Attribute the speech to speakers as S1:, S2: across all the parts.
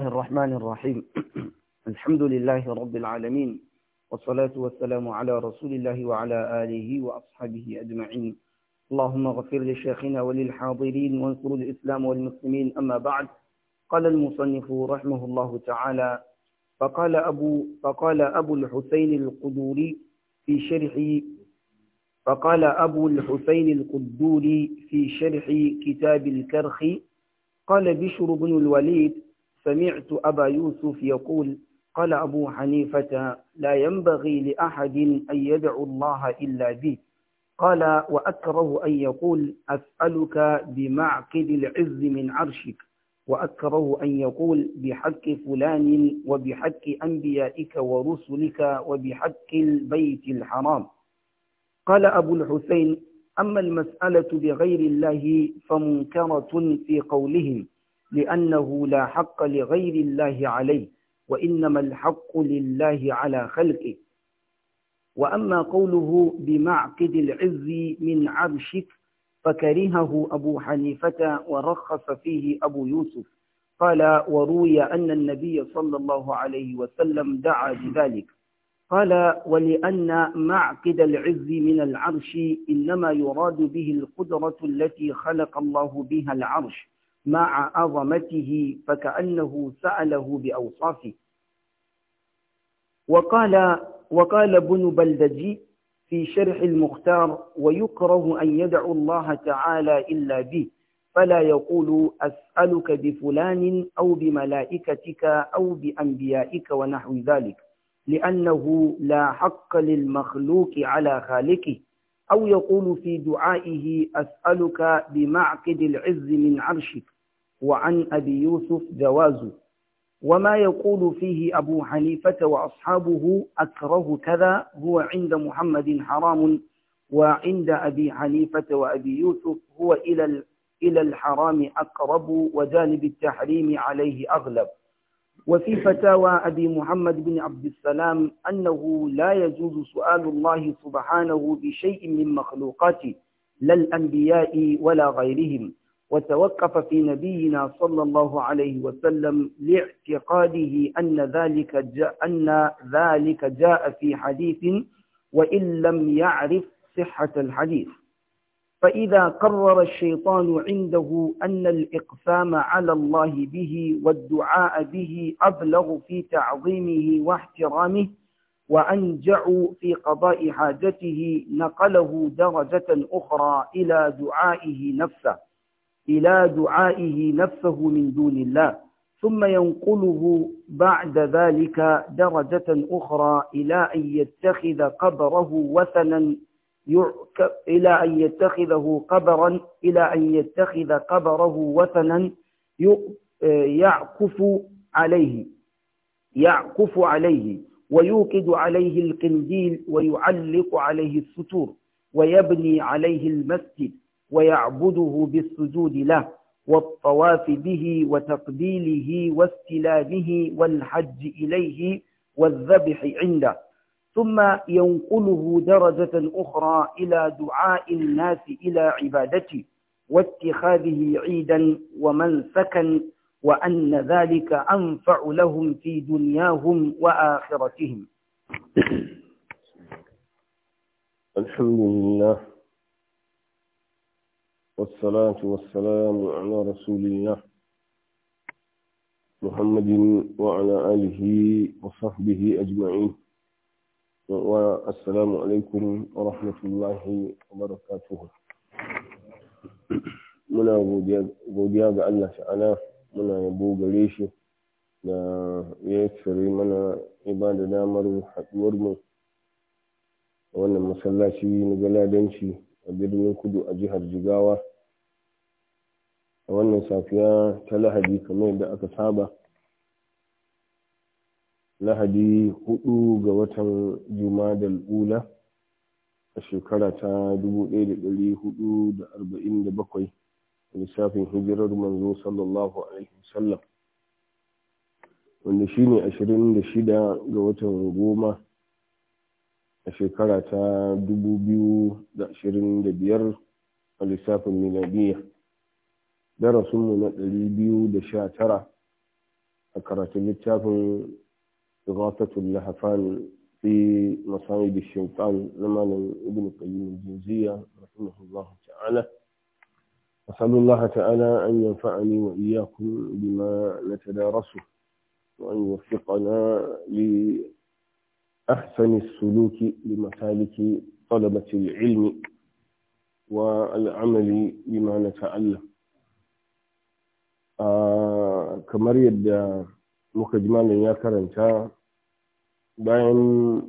S1: الله الرحمن الرحيم الحمد لله رب العالمين والصلاة والسلام على رسول الله وعلى آله وأصحابه أجمعين اللهم اغفر لشيخنا وللحاضرين وانصر الإسلام والمسلمين أما بعد قال المصنف رحمه الله تعالى فقال أبو, فقال أبو الحسين القدوري في شرح فقال أبو الحسين القدوري في شرح كتاب الكرخ قال بشر بن الوليد سمعت أبا يوسف يقول قال أبو حنيفة لا ينبغي لأحد أن يدعو الله إلا بي قال وأكره أن يقول أسألك بمعقد العز من عرشك وأكره أن يقول بحق فلان وبحق أنبيائك ورسلك وبحق البيت الحرام قال أبو الحسين أما المسألة بغير الله فمنكرة في قولهم لأنه لا حق لغير الله عليه وإنما الحق لله على خلقه وأما قوله بمعقد العز من عرشك فكرهه أبو حنيفة ورخص فيه أبو يوسف قال وروي أن النبي صلى الله عليه وسلم دعا بذلك قال ولأن معقد العز من العرش إنما يراد به القدرة التي خلق الله بها العرش مع عظمته فكأنه سأله بأوصافه وقال وقال ابن بلدجي في شرح المختار ويكره أن يدعو الله تعالى إلا به فلا يقول أسألك بفلان أو بملائكتك أو بأنبيائك ونحو ذلك لأنه لا حق للمخلوق على خالقه أو يقول في دعائه أسألك بمعقد العز من عرشك وعن أبي يوسف جوازه وما يقول فيه أبو حنيفة وأصحابه أكره كذا هو عند محمد حرام وعند أبي حنيفة وأبي يوسف هو إلى إلى الحرام أقرب وجانب التحريم عليه أغلب وفي فتاوى أبي محمد بن عبد السلام أنه لا يجوز سؤال الله سبحانه بشيء من مخلوقاته لا الأنبياء ولا غيرهم وتوقف في نبينا صلى الله عليه وسلم لاعتقاده أن ذلك جاء, أن ذلك جاء في حديث وإن لم يعرف صحة الحديث فإذا قرر الشيطان عنده أن الإقسام على الله به والدعاء به أبلغ في تعظيمه واحترامه وأنجع في قضاء حاجته نقله درجة أخرى إلى دعائه نفسه إلى دعائه نفسه من دون الله ثم ينقله بعد ذلك درجة أخرى إلى أن يتخذ قبره وثنا إلى أن يتخذه قبرا إلى أن يتخذ قبره وثنا آه، يعكف عليه يعكف عليه ويوقد عليه القنديل ويعلق عليه الستور ويبني عليه المسجد ويعبده بالسجود له والطواف به وتقبيله واستلامه والحج إليه والذبح عنده ثم ينقله درجة أخرى إلى دعاء الناس إلى عبادته واتخاذه عيدا ومنسكا وأن ذلك أنفع لهم في دنياهم وآخرتهم
S2: الحمد لله والصلاة والسلام على رسول الله محمد وعلى آله وصحبه أجمعين والسلام عليكم ورحمة الله وبركاته muna godiya ga Allah ta'ala muna yabo gare shi da ya tsare mana ibada damar haɗuwar mu wannan masallaci na galadanci a birnin kudu a jihar jigawa a wannan safiya ta lahadi kamar yadda aka saba lahadi hudu ga watan jumadal ula a shekara ta 1447 lissafin hijirar manzo sallallahu alaihi wasallam wanda shine shida ga watan goma a shekara ta 2025 a lissafin miladiyya darasinmu na ɗari biyu da sha tara a karatun littafin igatatul lahafan fi masa'id shaitan na malam ibn qayyim jinziya rahimahullah ta'ala أسأل الله تعالى أن ينفعني وإياكم بما نتدارسه وأن يوفقنا لأحسن السلوك لمسالك طلبة العلم والعمل بما نتعلم kamar yadda muka ji malam ya karanta bayan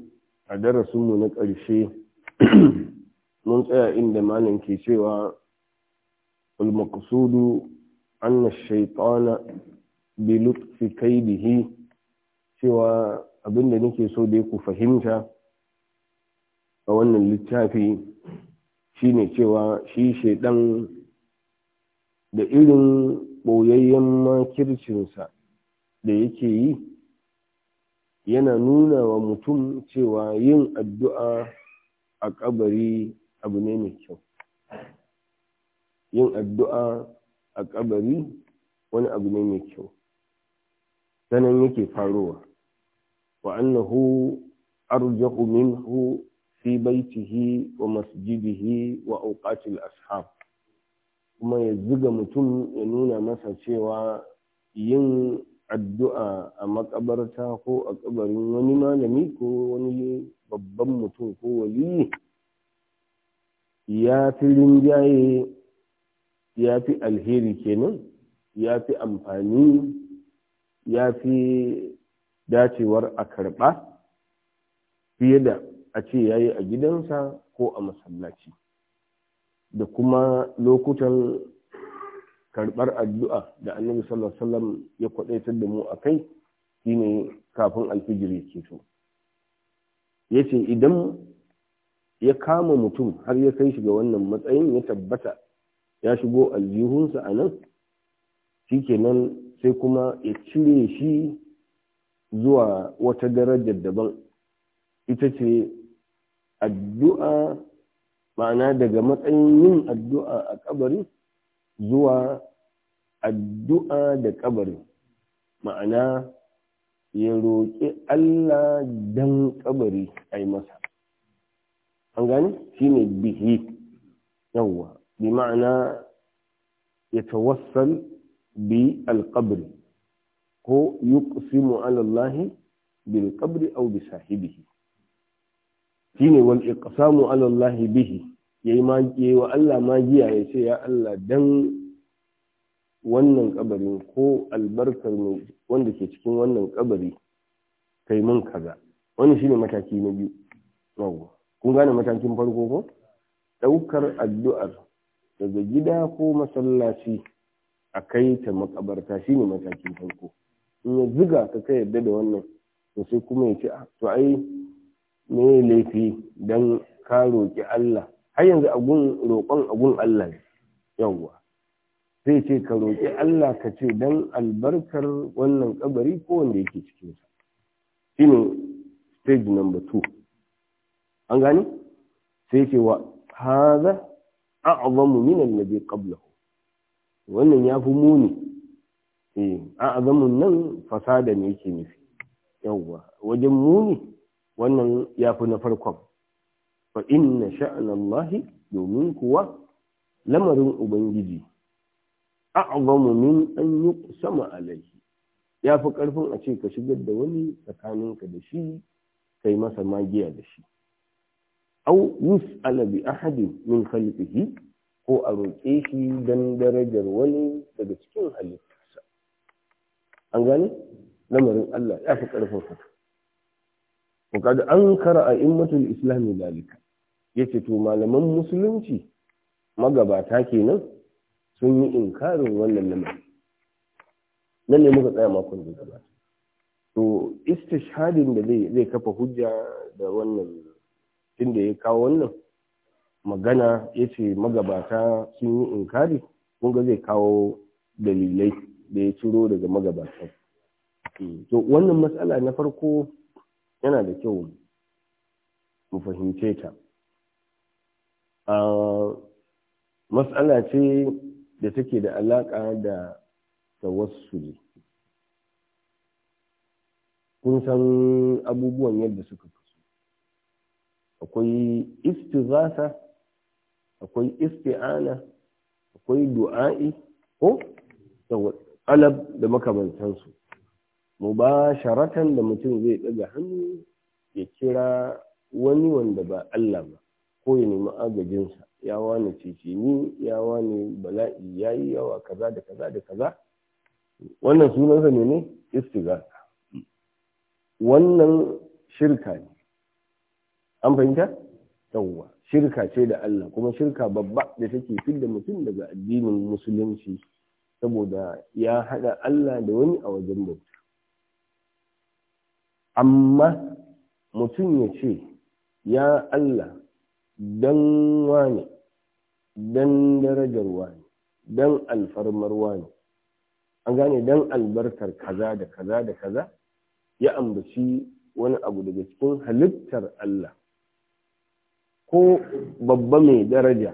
S2: a darasinmu na ƙarshe mun tsaya inda malam ke cewa ulmaqsudu anna shaitana bi lutfi kaidihi cewa abinda nake so da ku fahimta a wannan littafi shine cewa shi shaidan da irin ɓoyayyen makircinsa da yake yi yana nuna wa mutum cewa yin addu'a a ƙabari abu ne mai kyau yin addu'a a ƙabari wani abu ne mai kyau sanan yake farowa wa annahu arjahu minhu fi baitihi wa masjidihi wa auqatil ashab kuma ya ziga mutum ya nuna masa cewa yin addu'a a makabarta ko a kabarin wani malami ko wani babban mutum ko waliyi ya fi rinjaye ya fi alheri kenan ya fi amfani ya fi dacewar a karɓa fiye da a ce ya yi a gidansa ko a masallaci. da kuma lokutan karɓar addu'a da annabi sallallahu alaihi wasallam ya kwadaitar da mu a kai shine kafin alfijiri ke so ya ce idan ya kama mutum har ya kai shi ga wannan matsayin ya tabbata ya shigo aljihunsa a nan shi nan, sai kuma ya cire shi zuwa wata darajar daban ita ce addu'a ma'ana daga matsayin yin addu'a a ƙabari zuwa addu'a da ƙabari' ma'ana ya roƙi Allah dan ƙabari a masa an gani shine bihi yawwa bi ma'ana ya tawassal bi alƙabri ko yuqsimu ala Allah bil qabri aw bi sahibihi shine wal iqsamu ala Allah bihi yayi ma yayi wa Allah ma giya ya ce ya Allah dan wannan kabarin ko albarkar ne wanda ke cikin wannan kabari kai mun kaza wannan shine mataki na biyu yawa kun gane matakin farko ko daukar addu'ar daga gida ko masallaci a kai ta makabarta shine matakin farko in ya ziga ka kai yadda da wannan to sai kuma ya ce ah, to ai me laifi don ka roƙi Allah har yanzu agun roƙon agun Allah ne yawwa sai ce ka roƙi Allah ka ce don albarkar wannan kabari ko wanda yake cikin sa shine stage number two an gani? sai ce wa hadha a'zamu min alladhi qablahu wannan ya fi muni eh a'zamu nan fasada ne yake nufi yawwa wajen muni wannan ya fi na farkon fa inna sha'an domin kuwa lamarin Ubangiji a'zamu min an yi sama alaihi ya fi ƙarfin a ce ka shigar da wani tsakaninka da shi kai masa magiya da shi au yus'ala bi ahadin min khalqihi ko a roƙe shi don darajar wani daga cikin halittarsa an gane lamarin Allah ya fi ƙarfin haka وقد أنكر أئمة الإسلام ذلك yace to malaman musulunci magabata kenan sun yi inkarin wannan lamarin nan ne muka tsaya makon da gabata to istishhadin da zai zai kafa hujja da wannan tunda ya kawo wannan magana yace magabata sun yi inkari kun ga zai kawo dalilai da ya ciro daga magabata hmm, to wannan matsala na farko yana da kyau mu fahimce ta a matsala ce da take da alaƙa da tawassuli kun san abubuwan yadda suka fi akwai istizasa akwai isti'ana akwai du'a'i ko alab da makamantansu mubasharatan da mutum zai ɗaga hannu ya kira wani wanda ba Allah ba ko ya nemi agajinsa ya wani cicini ya wani bala'i ya yi yawa kaza da kaza da kaza wannan sunansa ne ne istighatha wannan shirka ne an fahimta yawwa shirka ce da Allah kuma shirka babba da take da mutum daga addinin musulunci saboda ya haɗa Allah da wani a wajen bauta amma mutum ya ce ya Allah don ne, don darajar ne, don alfarmar ne, an gane don albarkar kaza da kaza da kaza ya ambaci wani abu daga cikin halittar Allah ko babba mai daraja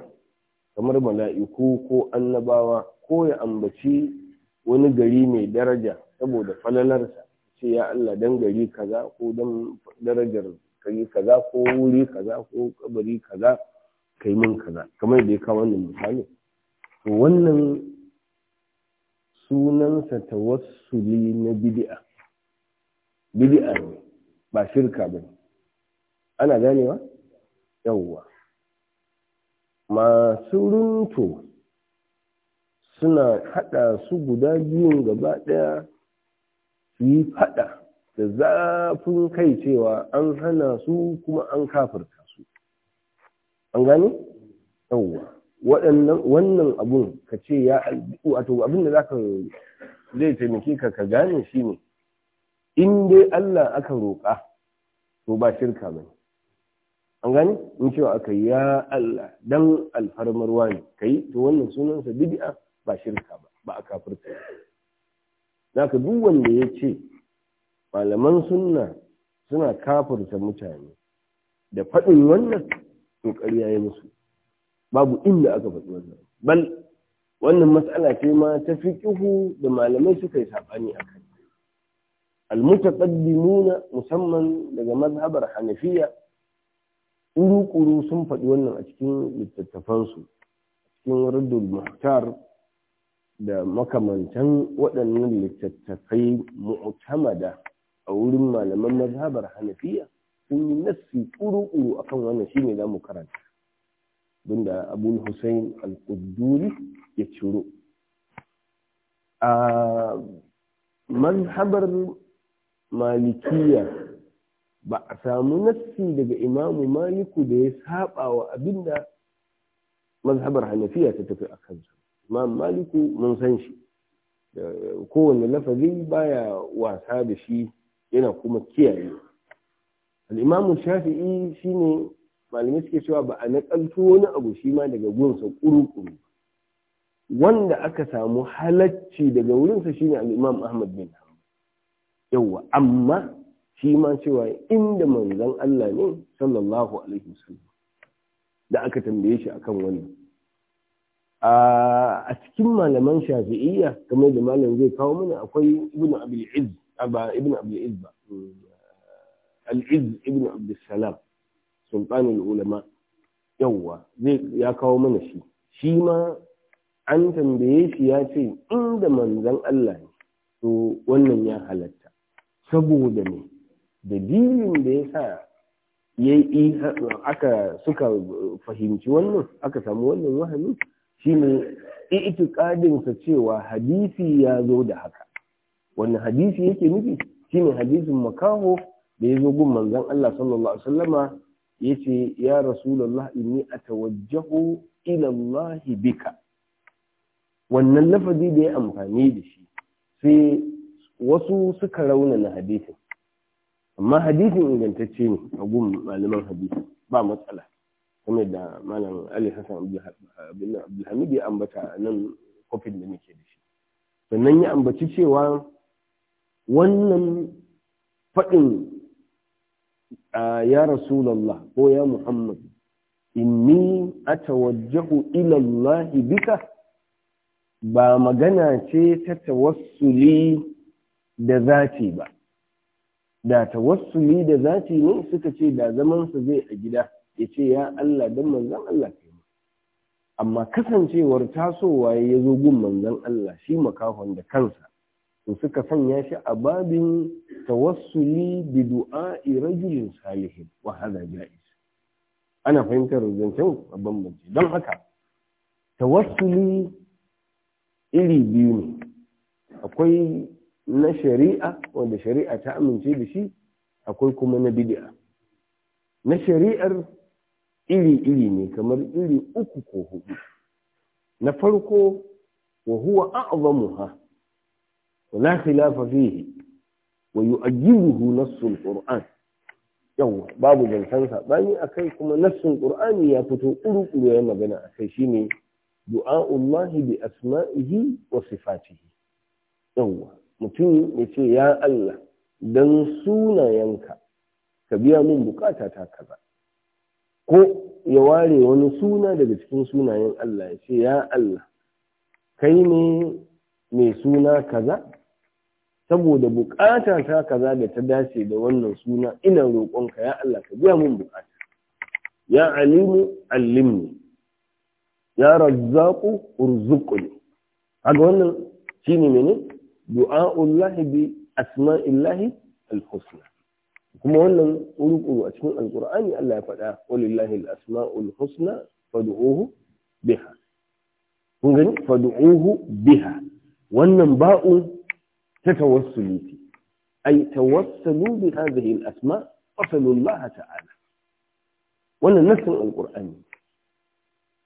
S2: kamar mala'iku ko annabawa ko ya ambaci wani gari mai daraja saboda falalarsa ce ya Allah dan gari kaza ko dan darajar kai kaza ko wuri kaza ko kabari kaza kai min kaza kamar da ya kawo wannan misali to wannan sunansa tawassuli na bid'a bid'a ne ba shirka ba ana ganewa yawwa masu runto suna haɗa su guda biyun gaba ɗaya su yi faɗa da zafin kai cewa an hana su kuma an kafirta su an gane yauwa waɗannan wannan abun ka ce ya wato abin da zaka zai taimake ka ka gane shi ne in dai Allah aka roƙa to ba shirka bane an gane in cewa aka ya Allah dan ne, ne kai to wannan sunansa bid'a ba shirka ba ba a kafirta zaka duk wanda ya ce malaman sunna suna kafirta mutane da faɗin wannan to ƙarya yi musu babu inda aka faɗi wannan bal wannan matsala ce ma ta fi ƙihu da malamai suka yi saɓani a kai almutaqaddimuna musamman daga mazhabar hanafiya kuru-kuru sun faɗi wannan a cikin littattafansu cikin raddul muhtar da makamantan waɗannan littattafai mu'tamada a wurin malaman mazhabar hanafiya sun yi nassi ƙuruƙuru akan wannan shine za mu karanta bunda abul hussein al-qudduri ya ciro a mazhabar malikiya ba a samu nassi daga imamu maliku da ya saba wa abinda mazhabar hanafiya ta tafi a kansa imam maliku mun san shi kowane lafazi baya wasa da shi yana kuma kiyaye al'imamu shafi'i shine malamai suke cewa ba a naƙalto wani abu shi ma daga gunsa ƙuruƙuru wanda aka samu halacci daga wurinsa shine al'imam ahmad bin yawa amma shi ma cewa inda manzon Allah ne sallallahu alaihi wasallam da aka tambaye shi akan wannan a cikin malaman shafi'iyya kamar da malam zai kawo mana akwai ibn abil iz ba ibn ba mm, al-iz ibn abdus salam sultanul ulama yawwa zai ya kawo mana shi shi ma an tambaye shi ya ce inda manzon Allah ne to wannan ya halatta saboda ne dalilin da ya sa ya aka suka fahimci wannan aka samu wannan wahami shine itikadinsa cewa hadisi ya zo da haka wannan hadisi yake nufi shine hadisin makaho da ya zo gun manzon Allah sallallahu alaihi wasallama yace ya rasulullah inni atawajjahu ila Allah bika wannan lafazi da ya amfani da shi sai wasu suka rauna na hadisin amma hadisin ingantacce ne a gun malaman hadisi ba matsala kuma da malam ali hassan abdulhamid ya ambata nan kofin da muke da shi sannan ya ambaci cewa wannan faɗin ya rasulallah ko ya muhammad inni atawajjahu ila Allah bika ba magana ce ta tawassuli da zati ba da tawassuli da zati ne suka ce da zamansa zai a gida ya ce ya Allah don manzan Allah ka yi amma kasancewar tasowa ya zo gun manzan Allah shi makahon da kansa in suka sanya shi a babin tawassuli bi du'a'i irajulin salihin wa hada ja'is ana fahimtar zancen bambanci don haka tawassuli iri biyu ne akwai na shari'a wanda shari'a ta amince da shi akwai kuma na bid'a na shari'ar iri-iri ne kamar iri uku ko hudu na farko wa huwa a'zamuha wa la khilafa fihi wa yu'ajjibuhu nassul qur'an yawa babu zancen saɓani akai kuma nassul ƙur'ani ya fito ƙuruƙuru ya magana akai kai shine du'a'ullahi bi asma'ihi wa sifatihi yawa mutum ya ce ya Allah dan sunayenka ka biya mun bukata ta kaza ko ya ware wani suna daga cikin sunayen Allah ya ce ya Allah kai ne mai suna kaza saboda bukata ta kaza da ta dace da wannan suna ina roƙonka ya Allah ka biya mun bukata ya alimu allimni ya razzaqu ne. Haga wannan shi ne? mene du'a'ullahi bi asma'illahi al-husna kuma wannan ƙuruƙuru a cikin alƙur'ani Allah ya faɗa walillahi al-asma'ul husna fad'uhu biha kun gani fad'uhu biha wannan ba'u ta tawassuli ce ay tawassalu bi hadhihi al-asma fasalu Allah ta'ala wannan nassin alƙur'ani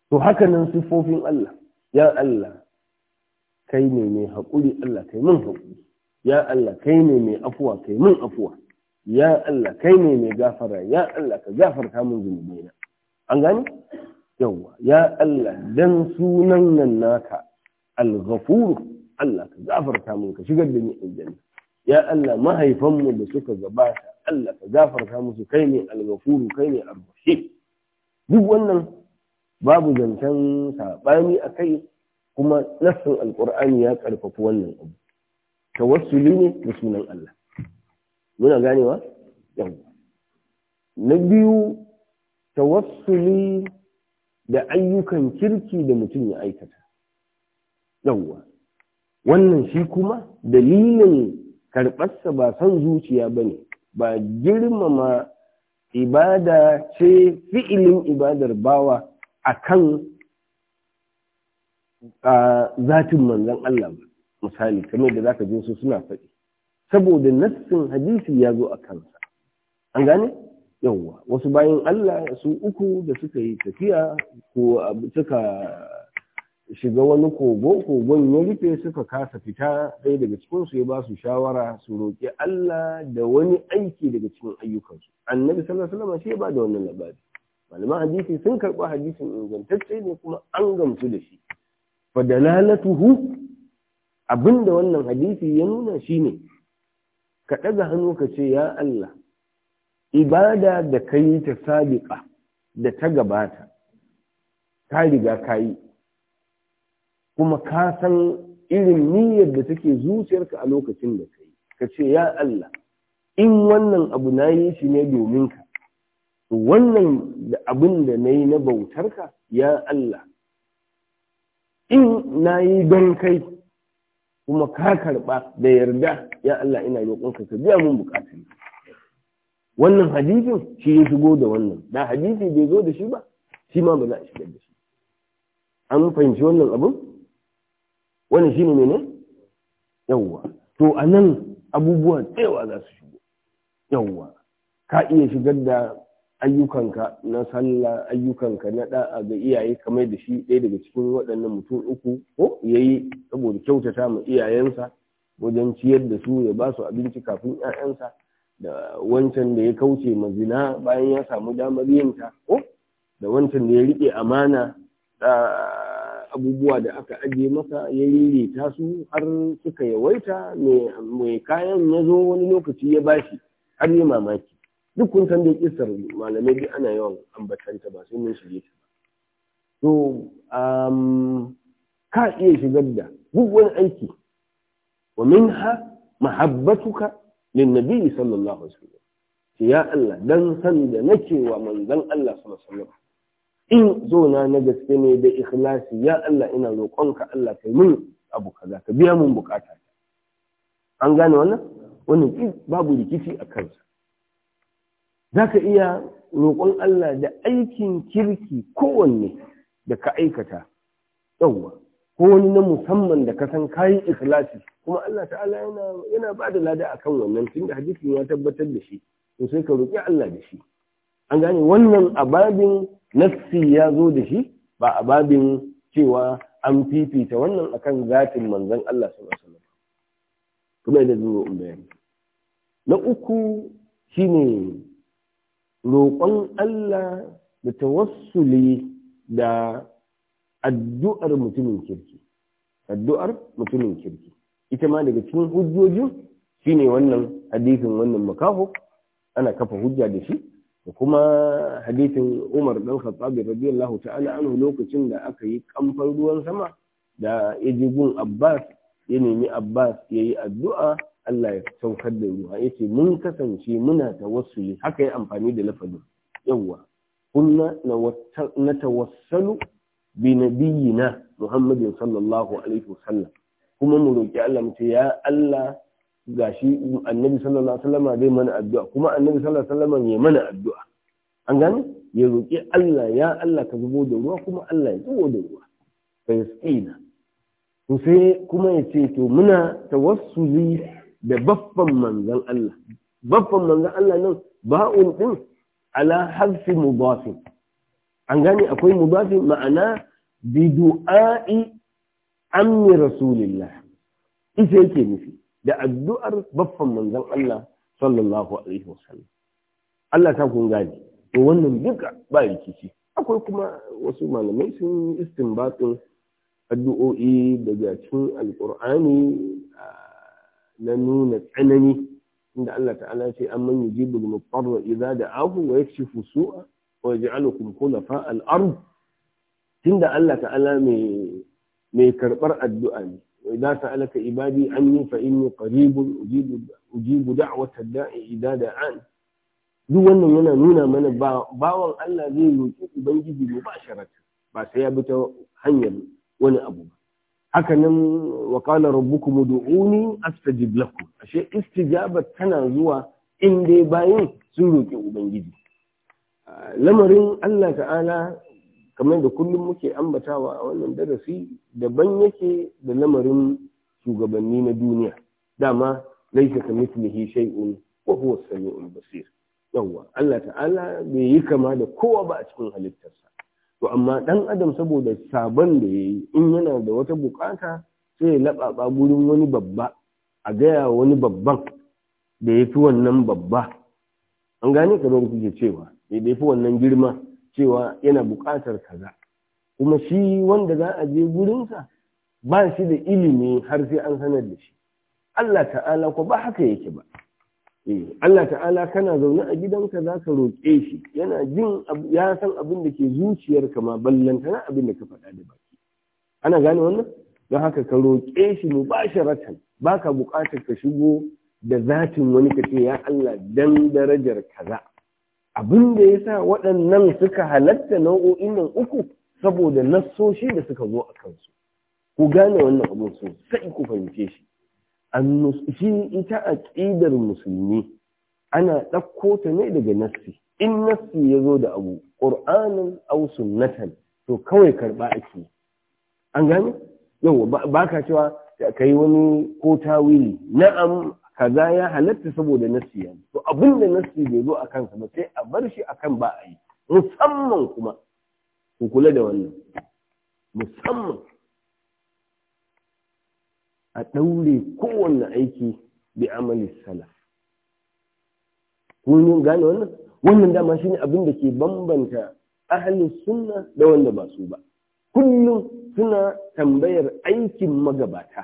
S2: to haka nan sifofin Allah ya Allah kai ne mai haƙuri Allah kai min haƙuri ya Allah kai ne mai afuwa kai mun afuwa ya Allah kai ne mai gafara ya Allah ka gafarta min zunubaina an gani yawa ya Allah dan sunan nan naka al-ghafur Allah ka gafarta min ka shigar da ni aljanna ya Allah mahaifanmu da suka gabata Allah ka gafarta musu kai ne al-ghafur kai ne ar-rahim duk wannan babu zancen sabani akai kuma nassin alqur'ani ya karfafa wannan abu tawassuli ne da sunan Allah muna ganewa yau na biyu tawassuli da ayyukan kirki da mutum ya aikata yauwa wannan shi kuma dalilin karɓarsa ba san zuciya ba ne ba girmama ibada ce fi'ilin ibadar bawa a kan zatin manzan Allah ba misali kamar da za ka su suna faɗi saboda nassin hadisi ya zo a kansa an gane yawwa wasu bayan Allah su uku da suka yi tafiya ko suka shiga wani kogo kogon ya rufe suka kasa fita ɗaya daga cikinsu ya ba su shawara su roƙi Allah da wani aiki daga cikin ayyukansu annabi sallallahu alaihi wasallam shi ba da wannan labari malaman hadisi sun karɓi hadisin ingantacce ne kuma an gamsu da shi fa dalalatuhu abinda wannan hadisi ya nuna shine ka ɗaga hannu ka ce ya Allah ibada da ka yi ta sabiƙa da ta gabata ka riga ka yi kuma ka san irin niyyar da take zuciyarka a lokacin da ka yi ka ce ya Allah in wannan abu na yi shi ne domin ka wannan abin da na yi na bautarka ya Allah in na yi don kai kuma ka karɓa da yarda ya Allah ina roƙonka ka biya mun bukatu wannan hadisin shi ya shigo da wannan da hadisi bai zo da shi ba shi ma ba za shigar da shi an fahimci wannan abin wannan shine ne? yawwa to a nan abubuwa tsayawa za su shigo yawwa ka iya shigar da ayyukanka na sallah ayyukanka na da'a ga iyaye kamar da shi ɗaya daga cikin waɗannan mutum uku ko ya yi saboda kyautata ma iyayensa wajen ciyar da su ya ba su abinci kafin 'ya'yansa da wancan da ya kauce ma zina bayan ya samu damar yinta ko da wancan da ya riƙe amana da abubuwa da aka ajiye masa ya ta su har suka yawaita mai kayan ya zo wani lokaci ya bashi har yi mamaki duk kun san dai kisar malamai duk ana yawan ambatanta ba sai mun shige ta to ka iya shigar da duk wani aiki wa minha mahabbatuka lin nabi sallallahu alaihi wasallam ya Allah dan san da nake wa manzon Allah sallallahu alaihi wasallam in zo na gaske ne da ikhlasi ya Allah ina roƙonka Allah kai mun abu kaza ka biya mun bukata an gane wannan wannan babu rikici a kansa za ka iya roƙon Allah da aikin kirki kowanne da ka aikata yauwa ko wani na musamman da ka san kayi ikhlasi kuma Allah ta'ala yana yana ba da lada akan wannan da hadisin ya tabbatar da shi to sai ka roƙi Allah da shi an gane wannan ababin nafsi ya zo da shi ba ababin cewa an fifita wannan akan zatin manzon Allah sallallahu alaihi wasallam kuma da zuwa bayani na uku shine roƙon Allah da tawassuli da addu'ar mutumin kirki addu'ar mutumin kirki ita ma daga cikin hujjojin shine wannan hadisin wannan makaho ana kafa hujja da shi da kuma hadisin Umar dan Khattab radiyallahu ta'ala anhu lokacin da aka yi kamfan ruwan sama da ya Abbas ya nemi Abbas ya yi addu'a Allah ya saukar da ruwa yace mun kasance muna tawassuli haka ya amfani da lafazin yawwa kunna na tawassalu bi nabiyina Muhammadin sallallahu alaihi wasallam kuma mu roki Allah mu ce ya Allah gashi annabi sallallahu alaihi wasallam bai mana addu'a kuma annabi sallallahu alaihi wasallam ya mana addu'a an gane ya roki Allah ya Allah ka zubo da ruwa kuma Allah ya zubo da ruwa fa yasqina sai kuma ya ce to muna tawassuli da baffan manzan Allah baffan manzan Allah nan ba'un ɗin ala harfi mudafin an gane akwai mudafin ma'ana bidu'a'i ammi rasulillah ita yake nufi da addu'ar baffan manzan Allah sallallahu alaihi wasallam Allah ta kun gane to wannan duka ba rikici akwai kuma wasu malamai sun yi istinbatin addu'o'i daga cikin a na nuna tsanani inda Allah ta'ala ce an man yujibu al-mutarra idza da'ahu wa yakshifu su'a wa yaj'alukum fa al Tun da Allah ta'ala mai mai karbar addu'a ne wa idza sa'alaka ibadi anni fa inni qaribun ujibu ujibu da'wata da'i idza an. duk wannan yana nuna mana bawan Allah zai roki ubangiji ne ba sharata ba sai ya bi ta hanyar wani abu ba haka nan wa qala rabbukum ud'uni astajib lakum ashe istijaba tana zuwa in dai bayin sun roƙe ubangiji lamarin Allah ta'ala kamar da kullum muke ambatawa a wannan darasi daban yake da lamarin shugabanni na duniya dama laisa ka mislihi shay'un wa huwa as-sami'ul basir yawa Allah ta'ala bai yi kama da kowa ba a cikin halittarsa to amma dan adam saboda sabon da ya yi in yana da wata bukata sai ya laɓaɓa gurin wani babba a gaya wani babban da ya fi wannan babba an gane kamar kuke cewa da ya fi wannan girma cewa yana bukatar kaza kuma shi wanda za a je gurinsa ba shi da ilimi har sai an sanar da shi Allah ta'ala ko ba haka yake ba Allah ta'ala kana zaune a gidanka za ka roƙe shi yana jin ya san abin da ke zuciyarka ma ballantana abin da ka faɗa da baki ana gane wannan don haka ka roƙe shi mu ba shi ratan ba ka buƙatar ka shigo da zatin wani ka ce ya Allah dan darajar kaza abin da ya sa waɗannan suka halatta nau'o'in nan uku saboda nassoshi da suka zo a kansu ku gane wannan abin sosai ku fahimce shi shi ita a ƙidar musulmi ana ɗauko ta ne daga nassi in nassi ya zo da abu ƙur'anin au sunnatan to kawai karɓa ake an gane yau ba ka cewa ka yi wani ko tawili na'am kaza ya halatta saboda nassi ya to abin da nassi bai zo a kansa ba sai a bar shi akan ba a yi musamman kuma ku kula da wannan musamman a ɗaure kowanne aiki bi amali salaf mun gane wannan wannan dama shine abin da ke bambanta ahalin suna da wanda ba su ba kullum suna tambayar aikin magabata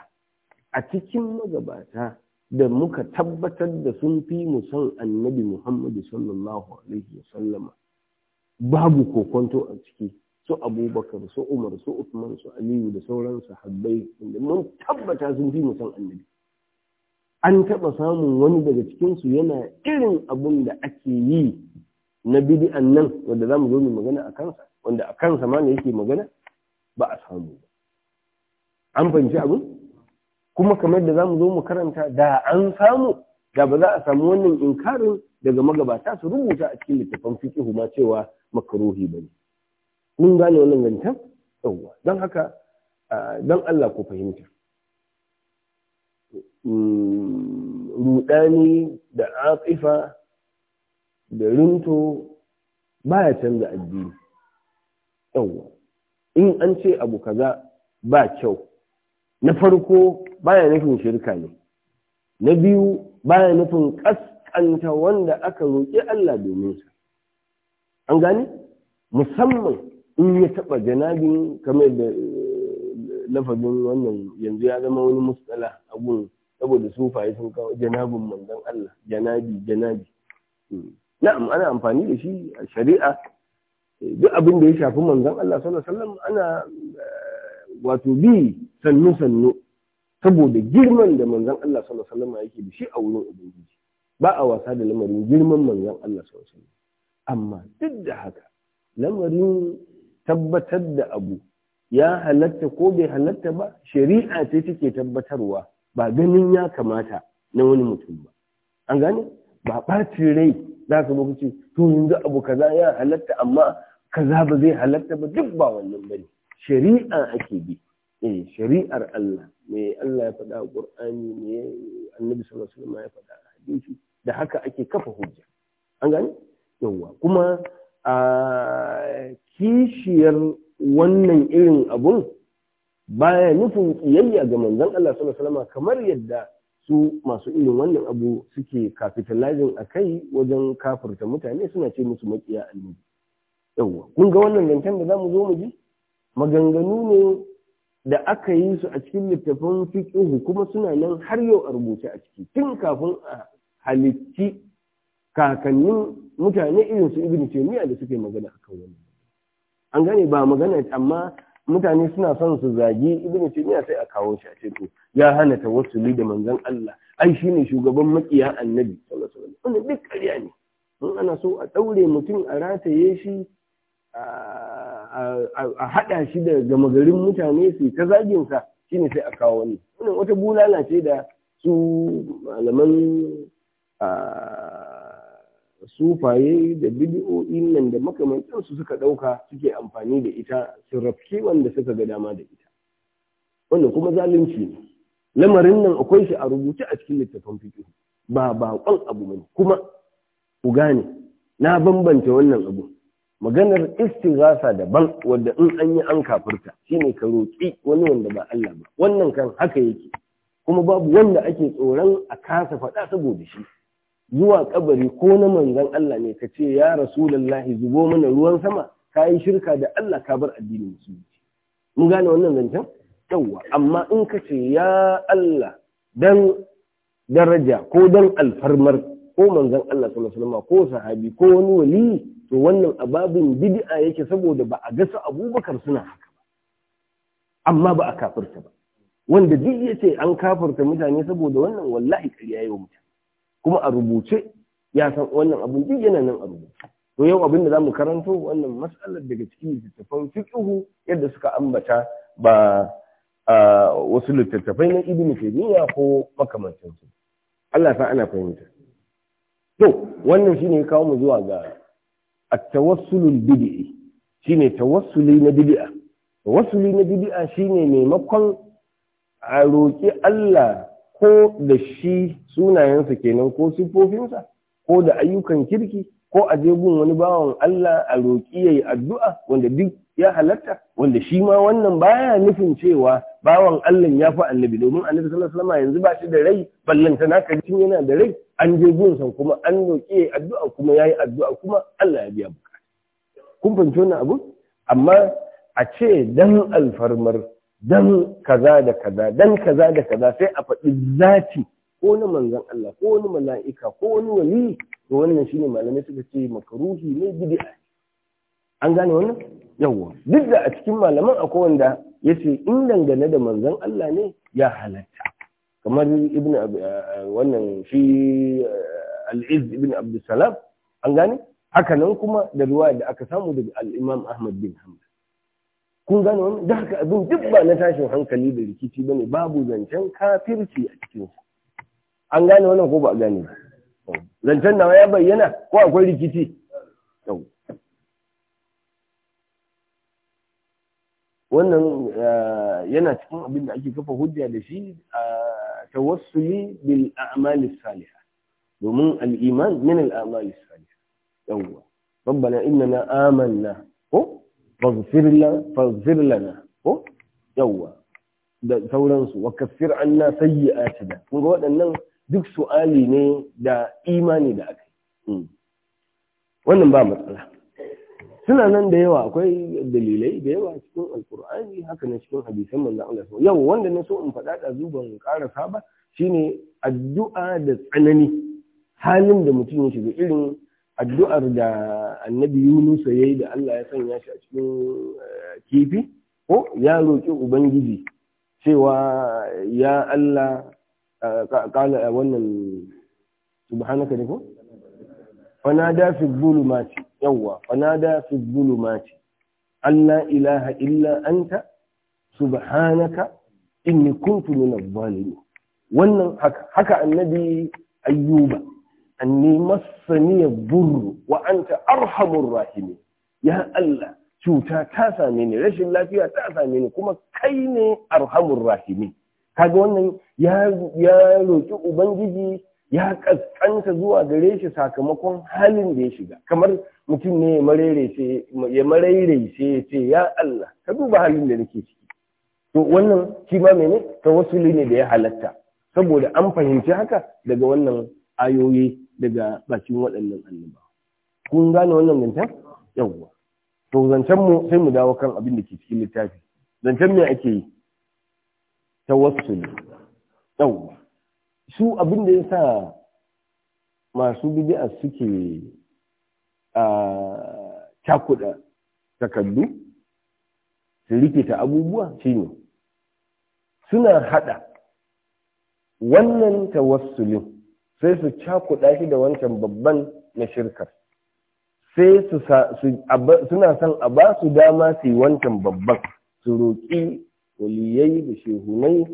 S2: a cikin magabata da muka tabbatar da sun fi mu san annabi Muhammadu sallallahu alaihi wasallama babu kokonto a ciki su abubakar su umar su usman su aliyu da sauran sahabbai wanda mun tabbata sun fi musan annabi an taɓa samun wani daga cikinsu yana irin abun da ake yi na bidi'an nan wanda za zo mu magana a kansa wanda a kansa ma ne yake magana ba a samu ba an fahimci abin kuma kamar da zamu zo mu karanta da an samu da ba za a samu wannan inkarin daga magabata su rubuta a cikin littattafan fiƙihu ma cewa makaruhi ba ne mun gane wannan zancen yauwa don haka don Allah ku fahimta mm, rudani da atsifa da rinto baya canza addini yauwa in an ce abu kaza ba kyau na farko baya nufin shirka ne na biyu baya nufin kaskanta wanda aka roƙi Allah domin sa an gane musamman in ya taɓa janabin kamar da eh, lafazin wannan yanzu ya zama wani mustala a gun saboda sufaye sun kawo janabin manzon Allah janabi janabi hmm. na'am ana amfani da shi a shari'a eh, duk abin da ya shafi manzon Allah sallallahu alaihi wasallam ana eh, wato bi sannu sannu saboda girman da manzon Allah sallallahu alaihi wasallam yake da shi a wurin ubangiji ba a wasa da lamarin girman manzon Allah sallallahu alaihi wasallam amma duk da haka lamarin tabbatar da abu ya halatta ko bai halatta ba shari'a ce take tabbatarwa ba ganin ya kamata na wani mutum ba an gane ba ɓacin rai za ka ba ce to yanzu abu kaza ya halatta amma kaza ba zai halatta ba duk ba wannan bane shari'a ake bi eh shari'ar Allah me Allah ya faɗa a Qur'ani me Annabi sallallahu alaihi wasallam ya faɗa a hadisi da haka ake kafa hujja an gane yawa kuma a ah, kishiyar wannan irin abun baya nufin kiyayya ga manzon Allah sallallahu alaihi kamar yadda su masu irin wannan abu suke capitalizing a kai wajen kafirta mutane suna ce musu makiya annabi yawwa kun ga wannan zancen da zamu zo mu ji maganganu ne da aka yi su a cikin littafin fiqh kuma suna nan har yau a rubuce a ciki tun kafin a halitti kakannin mutane irin su ibnu taymiya da suke magana akan wannan an gane ba magana amma mutane suna son su zagi ibnu taymiya sai a kawo shi a ce to ya hana tawassuli da manzon Allah ai shine shugaban makiya annabi sallallahu alaihi wasallam wannan duk ƙarya ne in ana so a daure mutum a rataye shi a haɗa shi da gama garin mutane su ta zagin sa shine sai a kawo wannan wannan wata bulala ce da su malaman sufaye da bidiyoyin nan da makamancinsu suka ɗauka suke amfani da ita su rafke wanda suka ga dama da ita wannan kuma zalunci ne lamarin nan akwai shi a rubuce a cikin littattafan fiƙi ba baƙon abu ne kuma ku gane na bambanta wannan abu maganar istighasa daban wadda in an yi an kafirta shine ka roƙi wani wanda ba Allah ba wannan kan haka yake kuma babu wanda ake tsoron a kasa faɗa saboda shi zuwa kabari ko na manzon Allah ne ka ce ya rasulullahi zubo mana ruwan sama ka yi shirka da Allah ka bar addinin musulunci mun gane wannan zancen yawwa amma in ka ce ya Allah dan daraja ko dan alfarmar ko manzon Allah sallallahu alaihi ko sahabi ko wani wali to wannan ababin bid'a yake saboda ba a gasa Abubakar suna haka ba amma ba a kafirta ba wanda duk ce an kafirta mutane saboda wannan wallahi yi wa mutane kuma a rubuce ya san wannan abin duk yana nan a rubuce to yau abin da zamu karanto wannan mas'alar daga cikin littattafan fiqhu yadda suka ambata ba wasu littattafai na ibn taymiya ko makamancin su Allah sa ana fahimta to wannan shine ya kawo mu zuwa ga at-tawassulul bid'i shine tawassuli na bid'a tawassuli na bid'a shine maimakon a roƙi Allah ko da shi sunayensa kenan ko siffofinsa ko da ayyukan kirki ko a je gun wani bawan Allah a roƙi yayi addu'a wanda duk ya halatta wanda shi ma wannan baya nufin cewa bawan Allah ya fi annabi domin annabi sallallahu alaihi yanzu ba shi da rai ballanta na kacin yana da rai an je san kuma an roƙi yayi addu'a kuma yayi addu'a kuma Allah ya biya bukata kun fahimci wannan abu amma a ce dan alfarmar dan kaza da kaza dan kaza da kaza sai a faɗi zati ko na manzan Allah ko wani mala'ika ko wani wali to wannan shine malamai suka ce makaruhi ne bid'a an gane wannan yawa duk da a cikin malaman akwai wanda yace in dangane da manzan Allah ne ya halatta kamar ibnu wannan shi al-izz ibn salam an gane haka nan kuma da ruwa da aka samu daga al-imam ahmad bin hanbal kun gane wannan da haka abin duk ba na tashin hankali da rikici bane babu zancen kafirci a cikin an gane wannan ko ba a gane ba zancen nawa ya bayyana ko akwai rikici wannan eh, yana cikin abin da ake kafa hujja da shi a eh, tawassuli bil a'mali salihah domin al-iman min al-a'mali salihah yawwa rabbana innana amanna ko faghfir lana faghfir lana ko yawwa da sauransu wa kaffir anna sayyi'atina kun ga waɗannan duk su'ali ne da imani da aka yi hmm. wannan ba matsala suna nan da yawa akwai dalilai da yawa cikin alkur'ani haka na cikin hadisan manzon Allah yau wanda na so in faɗa da zuban saba, ba shine addu'a da tsanani halin da mutum ya shiga irin addu'ar da annabi Yunus ya yi da Allah ya sanya shi a cikin eh, kifi ko ya roƙi ubangiji cewa ya Allah kala eh, wannan subhanaka ne ko fanada fi zulumati yawwa fanada fi zulumati alla ilaha illa anta subhanaka inni kuntu min adh-dhalimin wannan haka haka annabi ayyuba anni massani burru wa anta arhamur rahimin ya allah cuta ta same ni rashin lafiya ta same ni kuma kai ne arhamur rahimin kaga wannan ya roƙi ubangiji ya kaskanta zuwa gare shi sakamakon halin da ya shiga kamar mutum ne ya marairaice ya ce ya Allah ka duba halin da nake ciki to wannan shi ma mene wasu ne da ya halatta saboda an fahimci haka daga wannan ayoyi daga bakin waɗannan annaba kun gane wannan zancen yawwa to zancen mu sai mu dawo kan abin da ke cikin littafi zancen me ake yi tawassuli ɗau su abin da ya sa masu bidi'a suke a cakuɗa takardu su rikita abubuwa shine suna haɗa wannan tawassulin sai su cakuɗa shi da wancan babban na shirkar sai suna son a ba su dama su yi wancan babban su roƙi waliyai da shehunai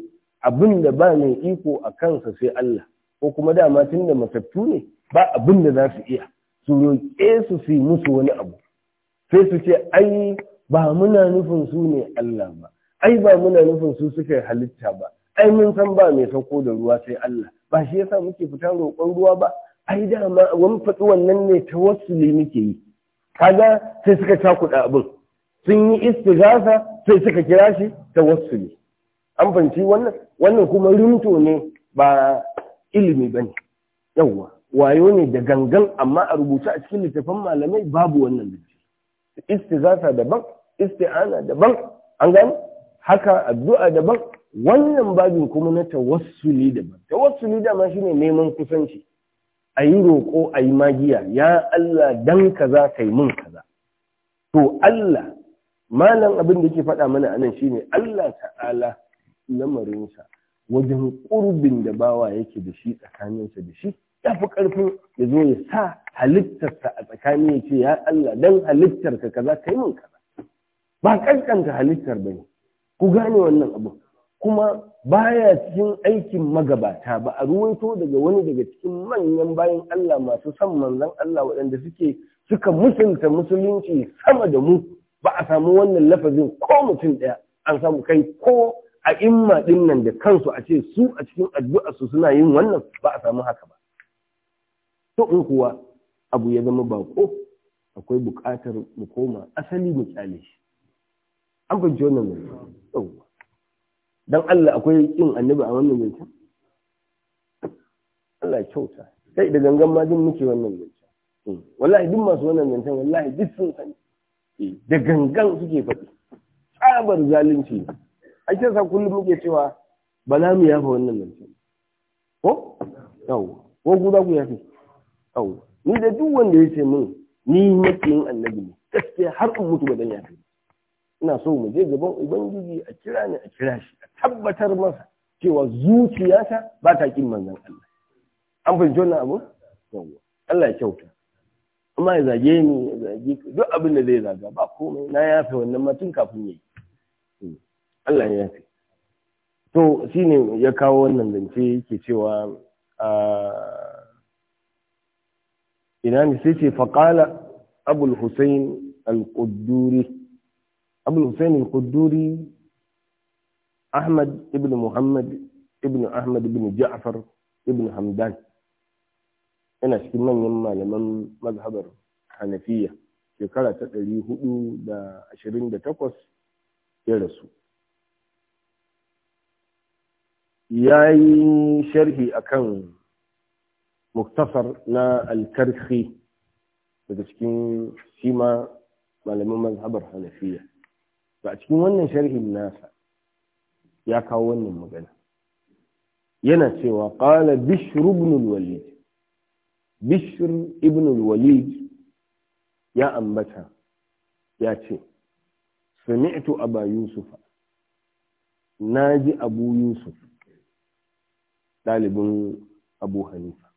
S2: abin da ba mai iko a kansa sai Allah ko kuma dama tun da matattu ne ba abin da za su iya su roƙe su su yi musu wani abu sai su ce ai ba muna nufin su ne Allah ba ai ba muna nufin su suka halitta ba ai mun san ba mai sauko da ruwa sai Allah ba shi yasa muke fita roƙon ruwa ba ai dama wani faɗi wannan ne tawassuli muke yi kaga sai suka cakuɗa abin sun yi istighatha sai suka kira shi tawassuli an fanci wannan kuma rinto ne ba ilimi bane yawwa wayo ne da gangan amma a rubuce a cikin littafin malamai babu wannan bincike istighatha daban isti'ana daban an gane haka addu'a daban wannan babin kuma na tawassuli daban tawassuli dama shine neman kusanci a yi roƙo a yi magiya ya Allah dan kaza kai mun kaza to Allah malam abin da yake faɗa mana anan shine Allah ta'ala lamarinsa wajen ƙurbin da bawa yake da shi tsakaninsa da shi ya fi ƙarfin ya zo ya sa halittarsa a tsakani ya ce ya Allah dan ka kaza yi min kaza ba ƙanƙanta halittar ba ne ku gane wannan abin kuma baya cikin aikin magabata ba a ruwaito daga wani daga cikin manyan bayan Allah masu son manzon Allah waɗanda suke suka musulunta musulunci sama da mu ba a samu wannan lafazin ko mutum ɗaya an samu kai ko a imma ɗin nan da kansu a ce su a cikin addu'a su suna yin wannan ba a samu haka ba to in kuwa abu ya zama bako akwai buƙatar mu koma asali mu kyale shi an fahimci wannan zancen dan Allah akwai kin annabi a wannan zancen Allah kyauta sai da gangan ma din muke wannan zancen hmm. wallahi duk masu wannan zancen wallahi duk sun sani da gangan suke faɗi tsabar zalunci ne a kira sa kullum muke cewa ba za mu yafa wannan zance ko yau ko ku za ku yafe yau ni da duk wanda ya ce min ni makiyin annabi ne gaskiya har in mutu ba dan yafe ina so mu je gaban ubangiji a kira ni a kira shi a tabbatar masa cewa zuciyata ba ta kin manzon Allah an fahimci wannan abu yau Allah ya kyauta amma ya zage ni ya zage duk abin da zai zaga ba komai na yafe wannan matun kafin ya yi hmm. Allah ya yafe to shi ne ya kawo wannan zance yake cewa ina ne sai ce faƙala abul al ƙudduri abul al ƙudduri ahmad ibn muhammad ibn ahmad ibn ja'far ibn hamdan yana cikin manyan malaman mazhabar hanafiya shekara ta ɗari hudu da ashirin da takwas ya rasu ya yi sharhi akan muktasar na alkarfi daga cikin shima malamin mazhabar hanafiya ba a cikin wannan sharhin nasa ya kawo wannan magana yana cewa ƙala bishru walid bishir ibn walid ya ambata ya ce sami'tu aba yusufa na ji abu yusuf ɗalibin abu hanifa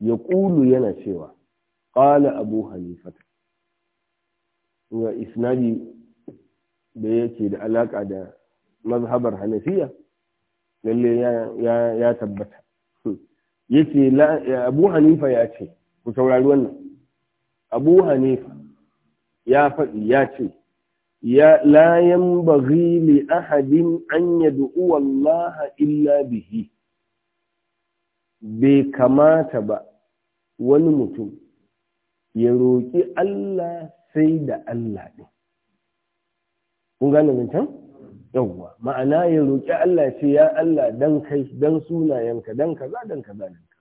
S2: ya ƙulu yana cewa ƙala abu hanifa ga isnadi da yake da alaƙa da mazhabar hanafiya lalle ya tabbata yace Abu Hanifa ya ce ku saurari wannan Abu Hanifa ya faɗi ya ce ya la yanbaghi li ahadin an yad'u Allah illa bihi bai kamata ba wani mutum ya roƙi Allah sai da Allah ɗin. Kun gane zancen? yawwa ma'ana ya roƙi Allah ce ya Allah dan kai dan sunayenka dan kaza dan kaza dan kaza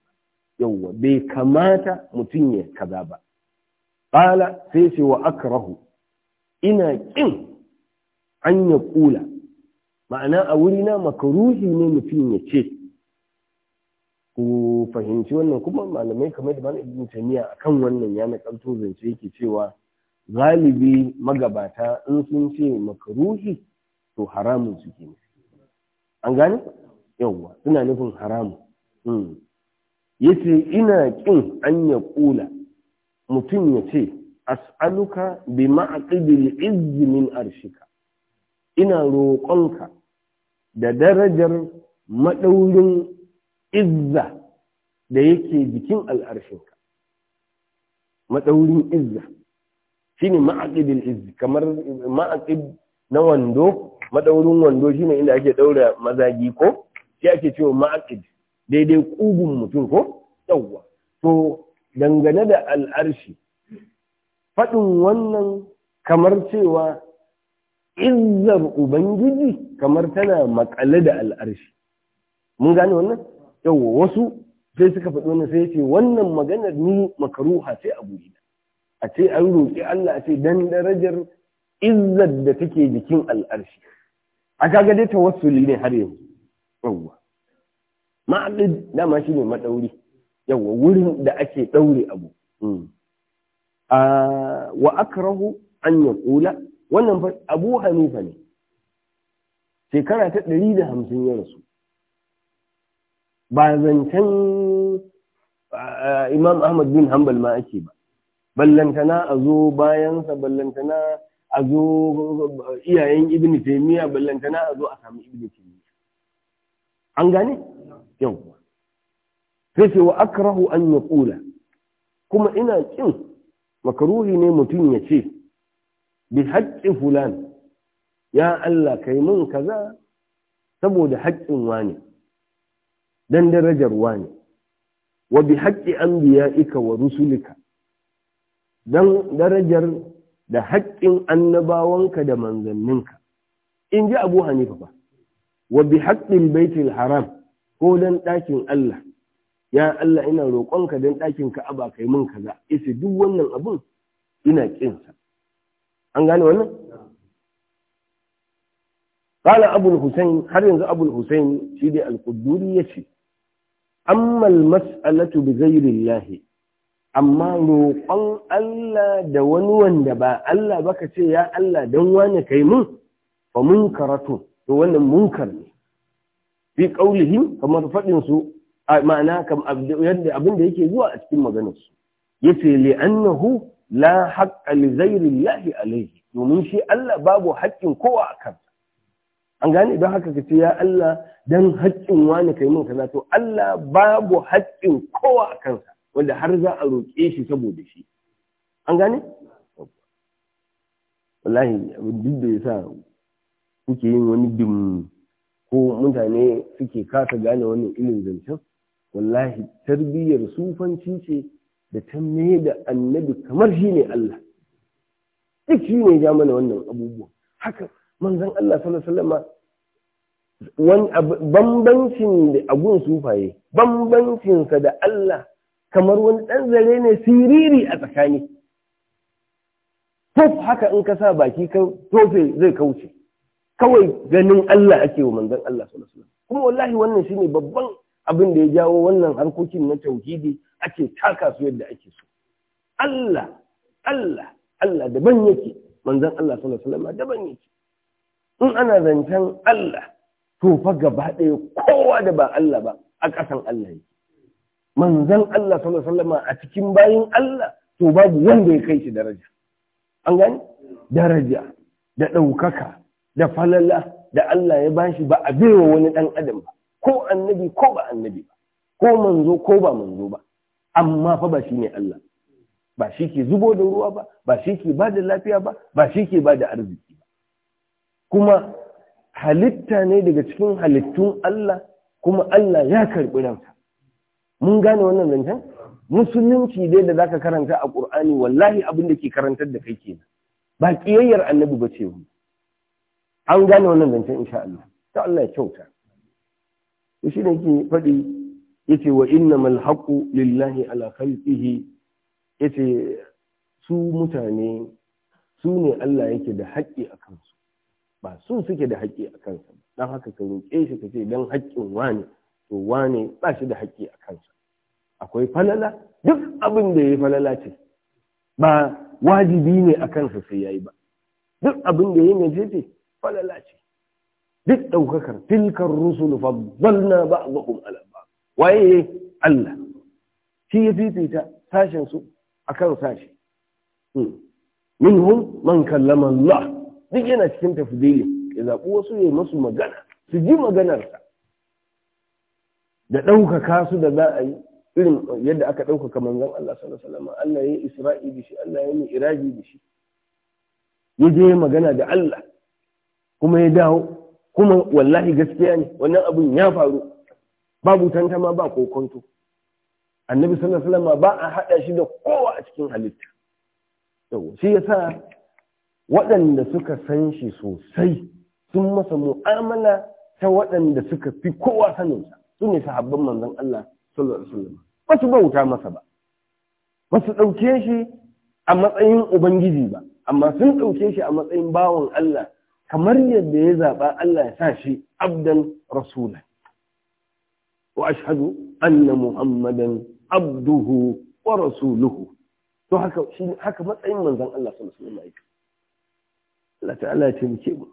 S2: yawwa bai kamata mutum ya kaza ba qala sai shi wa akrahu ina kin an ya kula ma'ana a wuri na makaruhi ne mutum ya ce ku fahimci wannan kuma malamai kamar da malam ibn tamiya akan wannan ya nakalto zance yake cewa galibi magabata in sun ce makaruhi to haramun suke ne an gane yawwa suna nufin haramun hmm. ce ina ƙin an ya kula mutum ya ce as'aluka bi ma'aqibil izinin min arshika ina roƙonka da darajar madaurin izza da yake jikin al'arshinka madaurin izza shine ma'aqibil izz kamar ma'aqib na wando madaurin wando shi ne inda ake ɗaura mazagi ko shi ake cewa ma'aqid daidai ƙugun mutum ko yawwa to dangane da al'arshi faɗin wannan kamar cewa izzar ubangiji kamar tana makale da al'arshi mun gane wannan yawwa wasu sai suka faɗi wannan sai ce wannan maganar ni makaruha sai abu a ce an roƙi Allah a ce dan darajar izzar da take jikin al'arshi a kaga dai tawassuli ne har yanzu yawwa ma'adid dama shi ne maɗauri yawwa wurin da ake ɗaure abu hmm. wa akrahu an ya ƙula wannan abu hanifa ne shekara ta ɗari da hamsin ya rasu ba zancen imam ahmad bin Hambal ma ake ba ballantana a zo bayansa ballantana a zo iyayen ibn taymiya ballantana a zo a samu ibn taymiya an gane yau. sai ce wa akrahu an yaqula kuma ina kin makaruhi ne mutum ya ce bi haƙƙi fulan ya Allah kai mun kaza saboda haƙƙin wani dan darajar wani wa bi haƙƙi anbiya'ika wa rusulika dan darajar da haƙƙin annabawanka da manzanninka in ji abu hanifa ba wa bi haƙƙin baitul haram ko dan ɗakin Allah ya Allah ina roƙonka dan ɗakin ka'aba kai min kaza isi duk wannan abun ina ƙinsa an gane wannan قال أبو الحسين هل أبو الحسين سيدي القدوري يشي أما المسألة بغير الله amma roƙon Allah da wani wanda ba Allah ba ka ce ya Allah don wane kai mun fa karatu. to wannan munkar ne fi qaulihim kamar faɗin su ma'ana kam yadda abin da yake zuwa a cikin maganar su yace li annahu la haqqa li zairi llahi alayhi domin shi Allah babu haƙƙin kowa akan an gane don haka ka ce ya Allah dan haƙƙin wani kai mun kaza to Allah babu haƙƙin kowa akan sa wanda har za a roƙe shi saboda shi an gane wallahi duk da yasa kuke yin wani dim ko mutane suke kasa gane wannan ilin zancen wallahi tarbiyyar sufanci ce da ta da annabi kamar shi ne Allah duk shi ne ja mana wannan abubuwa haka manzan Allah sallallahu alaihi wasallam bambancin da agun sufaye bambancinsa da Allah kamar wani ɗan zare ne siriri a tsakani tuf haka in ka sa baki kan tofe zai kauce kawai ganin Allah ake wa manzon Allah sallallahu alaihi kuma wallahi wannan shine babban abin da ya jawo wannan harkokin na tauhidi ake taka su yadda ake so Allah Allah Allah daban yake manzon Allah sallallahu alaihi wasallam daban yake in ana zancen Allah to fa gaba ɗaya kowa da ba Allah ba a ƙasan Allah yake manzan Allah sallallahu alaihi a cikin bayin Allah to babu wanda ya kai shi daraja an gani daraja da ɗaukaka da falala da Allah ya bashi ba a baiwa wani ɗan adam ba ko annabi ko ba annabi ba ko manzo ko ba manzo ba amma fa ba shine Allah ba shi ke zubo da ruwa ba ba shi ke ba da lafiya ba ba shi ke ba da arziki ba kuma halitta ne daga cikin halittun Allah kuma Allah ya karɓi ransa mun gane wannan zancen musulunci dai da zaka karanta a ƙur'ani wallahi abin da ke karantar da kai kenan ba kiyayyar annabi ba ce an gane wannan zancen insha Allah ta Allah ya kyauta shi ne yake faɗi ce, wa mal haƙu lillahi ala khalqihi ce su mutane su ne Allah yake da haƙƙi a kansu ba su suke da haƙƙi a kansu don haka ka roƙe shi ka ce don haƙƙin wani to wane ba shi da haƙƙi a kansa akwai falala duk abin da ya yi falala ce ba wajibi ne a kansa sai ya yi ba duk abin da ya yi mai ce falala ce duk ɗaukakar tilkar rusul ba a ala alaɓa. waye Allah shi ya fifita sashen su akan sashi hun hmm. man kallaman Allah duk yana cikin tafdili ya zaɓi wasu ya masu magana su ji maganarsa da ɗaukaka su da za a yi irin yadda aka ɗaukaka manzon Allah sallallahu alaihi wasallam Allah ya yi isra'i da shi Allah ya yi iraji da shi ya je magana da Allah kuma ya dawo kuma wallahi gaskiya ne wannan abun ya faru babu tantama ba kokonto annabi sallallahu alaihi wasallam ba a hada shi da kowa a cikin halitta yawa shi yasa waɗanda suka san shi sosai sun masa mu'amala ta waɗanda suka fi kowa saninsa su ne sahabban manzon Allah sallallahu alaihi wasallam ba su bauta masa ba ba su ɗauke shi a matsayin ubangiji ba amma sun ɗauke shi a matsayin bawan Allah kamar yadda ya zaɓa Allah ya sa shi abdan rasulan wa ashhadu anna muhammadan abduhu wa rasuluhu to haka shi haka matsayin manzon Allah sallallahu alaihi wasallam Allah ta'ala ya taimake mu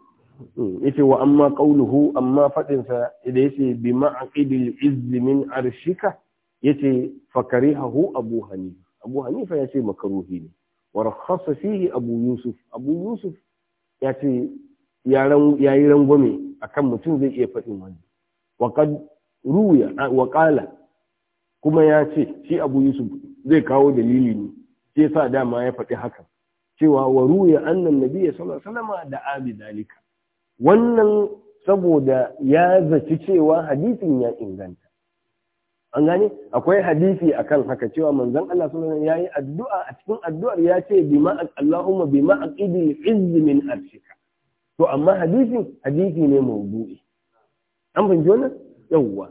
S2: yace wa amma qawluhu amma fadin Idan da yace bi ma'qidil izz min arshika yace fakarihahu abu hanifa abu hanifa yace makaruhi ne wa rakhasa fihi abu yusuf abu yusuf yace yayi rangwame akan mutum zai iya fadin wani. wa qad ruya wa qala kuma ya ce shi abu yusuf zai kawo dalili ne sai sa dama ya faɗi hakan cewa wa ruya annan nabiyya sallallahu alaihi wasallam da abi dalika wannan saboda ya zaci cewa hadisin ya inganta an gane akwai hadisi akan haka cewa manzon Allah sallallahu alaihi yayi addu'a a cikin addu'ar ya ce bima Allahumma bima aqidi izz min arshika to amma hadisin hadisi ne mawdu'i an fahimci wannan yawwa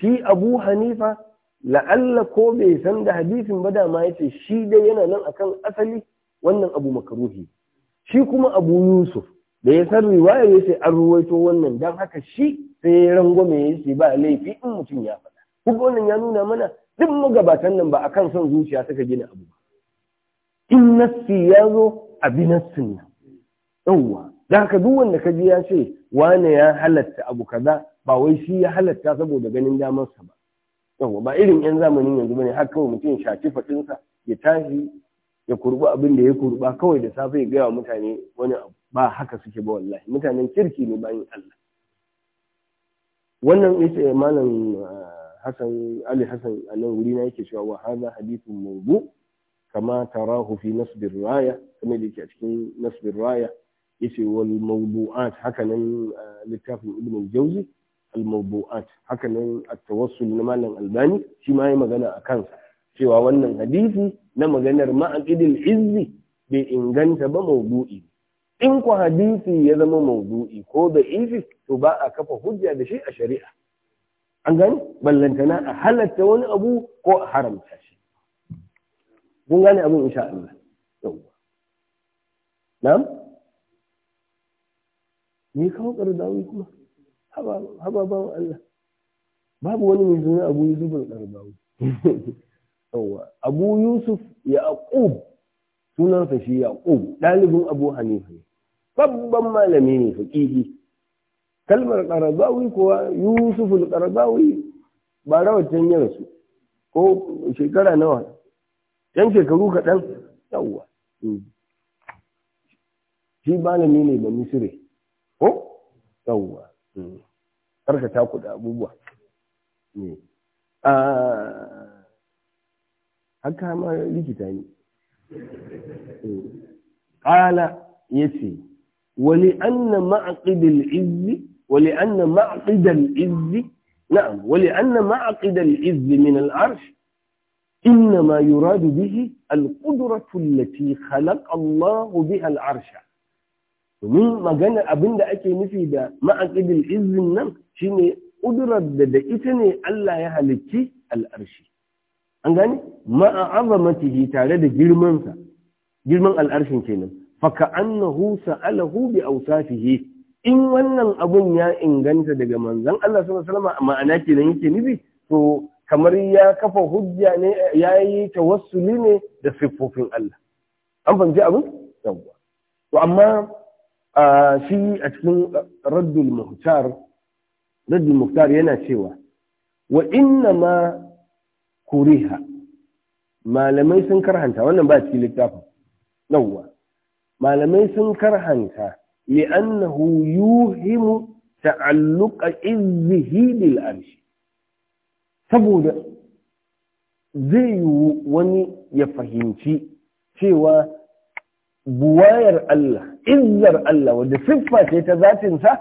S2: shi Abu Hanifa la'alla ko bai san da hadisin ba da ma yace shi dai yana nan akan asali wannan abu Makruhi shi kuma Abu Yusuf da ya san riwaya ya ce an ruwaito wannan dan haka shi sai ya rangwame ya sai ba laifi in mutum ya faɗa kuma wannan ya nuna mana duk magabatan nan ba akan son zuciya suka gina abu ba in nassi ya zo a bi nassin nan yawwa da haka duk wanda ka ji ya ce wane ya halatta abu kaza ba wai shi ya halatta saboda ganin damarsa ba yawwa ba irin yan zamanin yanzu bane har kawai mutum ya shaci faɗinsa ya tashi ya kurba abin da ya kurba kawai da safe ya gaya wa mutane wani abu ba haka suke ba wallahi mutanen kirki ne bayan Allah wannan malam ah, hasan Ali hasan anan wuri na yake cewa wa hadha hadithun mawdu kama tarahu fi nasb raya kuma da yake a cikin nasb raya yace wal mawdu'at haka nan ah, littafin Ibn al-jawzi al mawdu'at haka nan at-tawassul na malam Albani shi ma yayi magana a kansa cewa wannan hadisi na maganar ma'aqidil izzi bai inganta ba mawdu'i in ku hadisi ya zama mawdu'i ko da ifi to ba a kafa hujja da shi a shari'a an gani ballantana a halatta wani abu ko a haramta shi kun gane abin insha Allah yawa na'am ni kawo qardawi kuma
S1: haba haba ba Allah
S2: babu wani mai suna Abu Yusuf al-Qardawi yawa Abu Yusuf Yaqub sunansa shi Yaqub dalibin Abu Hanifa ne babban malami ne faƙihi kalmar ƙarazawi kuwa yusuful ƙarazawi ba rawatan ya su ko shekara nawa yan shekaru kaɗan yawwa hmm. shi malami ne ba misire ko yawwa hmm. karkata ku da abubuwa hmm. ah, haka ma likita ne ƙala ya ce ولان معقد العز ولان معقد العز نعم ولان معقد العز من العرش انما يراد به القدره التي خلق الله بها العرش ومن ما قلنا ابن ده اكي نفي ده معقد العز نعم شنو قدره ده ده اتني الله يهلكي العرش ان ما عظمته تاره ده جرمانسا جرمان العرش كينا faka annahu sa'alahu bi awsafihi in wannan abun ya inganta daga manzon Allah sallallahu alaihi wasallam ma'ana kenan yake nufi to kamar ya kafa hujja ne yayi tawassuli ne da siffofin Allah an fahimci abin yawa to amma shi a cikin raddul muhtar raddul muhtar yana cewa wa inna ma kuriha malamai sun karhanta wannan ba cikin littafin yawwa malamai sun karhanta li'annahu yuhimu ta'alluqa izzihi lil arshi saboda zai yi wani ya fahimci cewa buwayar Allah izzar Allah wadda siffa ce ta zatinsa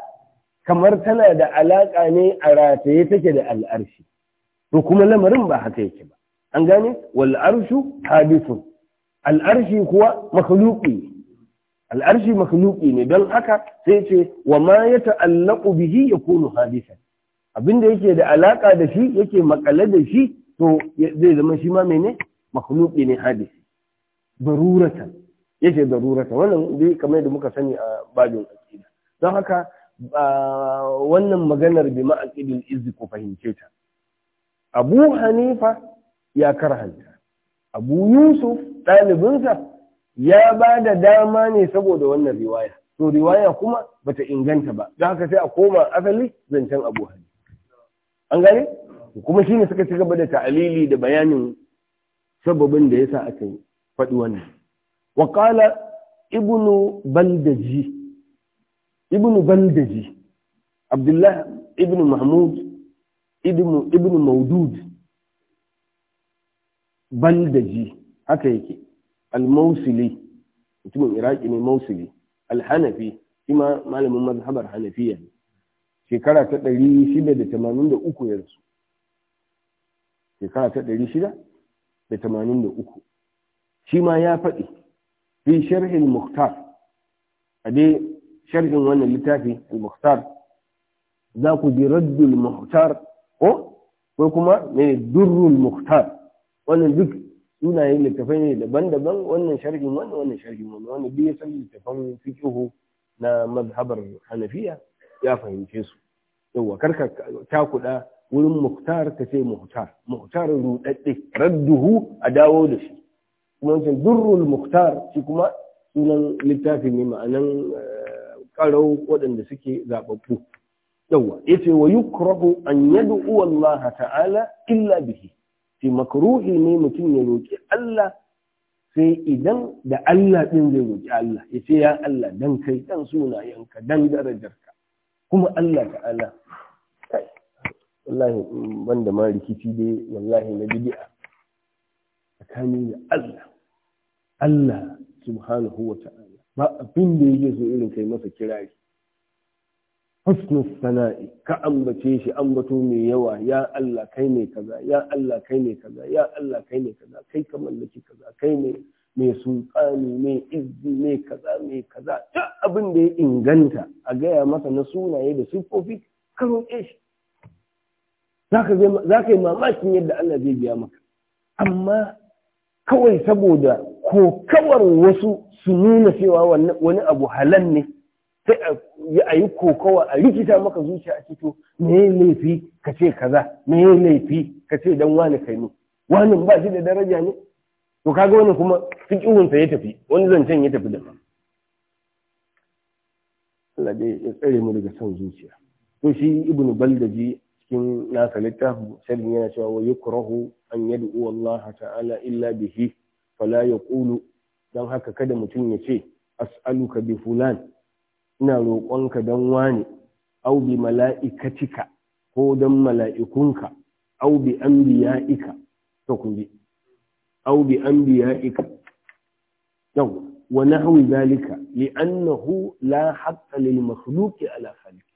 S2: kamar tana da alaƙa ne a rataye take da al'arshi to kuma lamarin ba haka yake ba an gane wal arshu hadithun al'arshi kuwa makhluqi al'arshi makhluqi ne don haka sai ce wa ma ya ta'allaqu bihi yakunu hadisan abinda yake da alaka da shi yake makale da shi to zai zama shi ma mene makhluqi ne hadisi daruratan ce barurata. wannan dai kamar da muka sani a babin aqida don haka wannan maganar bi ma'aqidil izzi ko fahimce ta Abu Hanifa ya karhanta Abu Yusuf ɗalibinsa ya ba da dama ne saboda wannan riwaya to riwaya kuma bata inganta ba don haka sai a koma asali zancen abu hali an gane kuma shine suka ci gaba da ta'alili da bayanin sababin da yasa aka yi faɗi wannan wa qala ibnu baldaji ibnu baldaji abdullah ibnu mahmud ibnu ibnu maudud baldaji haka yake al-mausili mutumin iraki ne mausili al-hanafi shi ma malamin mazhabar hanafiya ne shekara ta ɗari shida da tamanin da uku ya shekara ta ɗari shida da tamanin da uku shi ya faɗi fi sharhin muhtar a sharhin wannan littafi al-muhtar za ku ji raddul muhtar ko ko kuma mai durrul muhtar wannan duk sunayen littafai ne daban-daban wannan sharhin wannan wannan sharhin wannan wannan duk ya san littafan fiqhu na mazhabar hanafiya ya fahimce su yawa karka takuda wurin muhtar ka ce muhtar muhtar rudadde radduhu a dawo da shi kuma wancan durrul muhtar shi kuma sunan littafi ne ma'anan karau eh, waɗanda suke zaɓaɓɓu yawa yace wa yukrahu an yad'u Allah ta'ala illa bihi shi makruhi ne mutum ya roƙi Allah sai idan da Allah ɗin zai roƙi Allah ya ce ya Allah dan kai dan sunayenka dan darajarka kuma Allah ta'ala wallahi banda ma rikici dai wallahi na bid'a tsakani da Allah Allah subhanahu wa ta'ala ba abin da yake so irin kai masa kirari husnul sana'i ka ambace shi ambato mai yawa ya Allah kai ne kaza ya Allah kai ne kaza ya Allah kai ne kaza kai ka mallaki kaza kai ne mai sultani mai izzi mai kaza mai kaza ta abin da ya inganta a gaya masa na sunaye da sifofi karo roƙe shi za ka yi mamakin yadda Allah zai biya maka amma kawai saboda kokawar wasu su nuna cewa wani abu halal ne sai a yi kokawa a rikita maka zuciya a ciki me ya laifi ka ce kaza me ya laifi ka ce dan wani kai ne wani ba shi da daraja ne to kaga wani kuma fikihunsa ya tafi wani zancen ya tafi da Allah dai ya tsare mu daga son zuciya to shi ibnu baldaji cikin nasa littafin sharhin yana cewa wa yukrahu an yad'u Allah ta'ala illa bihi fala yaqulu Don haka kada mutum ya ce as'aluka bi fulan ina roƙonka don wane au bi mala'ikatika ko don mala'ikunka au bi anbiya'ika ta kun ji au bi anbiya'ika yau wa nahwi zalika annahu la haqqa lil makhluqi ala khaliqi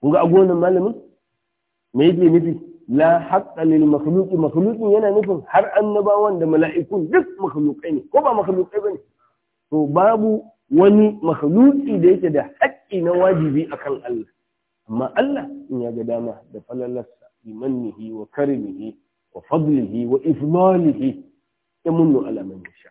S2: kun ga agonan malamin me yake nufi la haqqa lil makhluqi makhluqin yana nufin har annabawan da mala'ikun duk makhluqai ne ko ba makhluqai bane to babu wani makhluki da yake da haƙƙi na wajibi akan Allah amma Allah in ya ga dama da falalarsa imanihi wa karimihi wa fadlihi wa ifmalihi ya munnu ala man yasha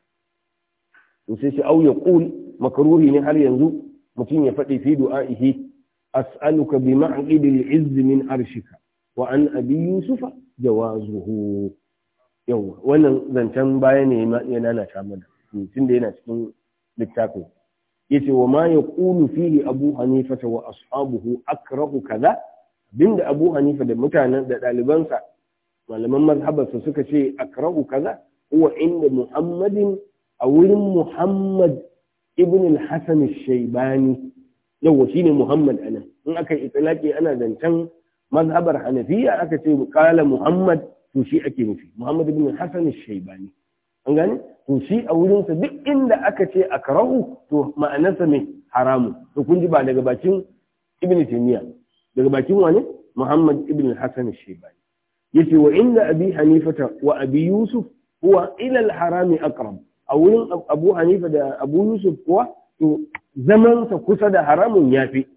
S2: to sai shi au ya qul makruhi ne har yanzu mutum ya faɗi fi du'a'ihi as'aluka bi ma'qidil izz min arshika wa an abi yusufa jawazuhu yawa wannan zancen baya ne ya nanata mana tunda yana cikin littafin yace wa ma yaqulu fihi abu hanifa wa ashabuhu akrahu kaza binda abu hanifa da mutanen da dalibansa malaman mazhabarsa suka ce akrahu kaza huwa inda muhammadin a wurin muhammad ibn al-hasan al-shaybani yawa shine muhammad anan in aka yi itlaqi ana zancen mazhabar hanafiya aka ce qala muhammad to shi ake nufi muhammad ibn al-hasan al-shaybani an gani to shi a sa duk inda aka ce a karahu to ma'anarsa mai haramu to kun ji ba daga bakin ibn taymiya daga bakin wani muhammad ibn hasan shaybani yace wa inda abi hanifata wa abi yusuf huwa ila al-harami aqrab a wurin abu hanifa da abu yusuf kuwa to zamansa kusa da haramun yafi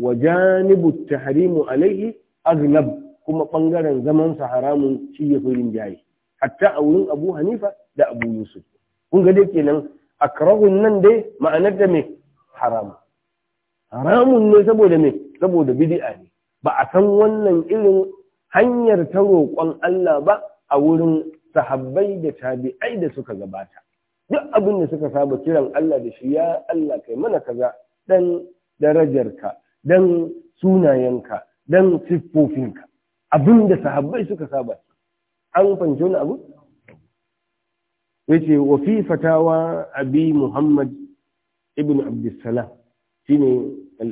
S2: wa janibu tahrimu alaihi aglab kuma bangaren zamansa haramun shi ya fi rinjaye hatta a wurin abu hanifa da abu yusuf kun ga dai kenan akrahun nan dai ma'anar da me haram haramun ne saboda me saboda bid'a ne ba a san wannan irin hanyar ta roƙon Allah ba a wurin sahabbai da tabi'ai da suka gabata duk abin da suka saba kiran Allah da shi ya Allah kai mana kaza dan darajarka dan sunayenka dan siffofinka abin da sahabbai suka saba an fanci wani abu yace wa fi fatawa abi muhammad ibn abdussalam Shi ne